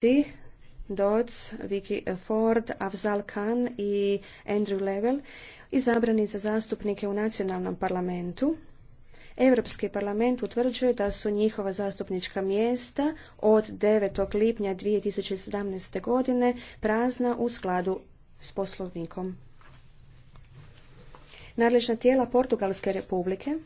Ti, Dodds, Vicky Ford, Afzal Khan i Andrew Level izabrani za zastupnike u nacionalnom parlamentu. Europski parlament utvrđuje da su njihova zastupnička mjesta od 9. lipnja 2017. godine prazna u skladu s poslovnikom. Nadležna tijela Portugalske republike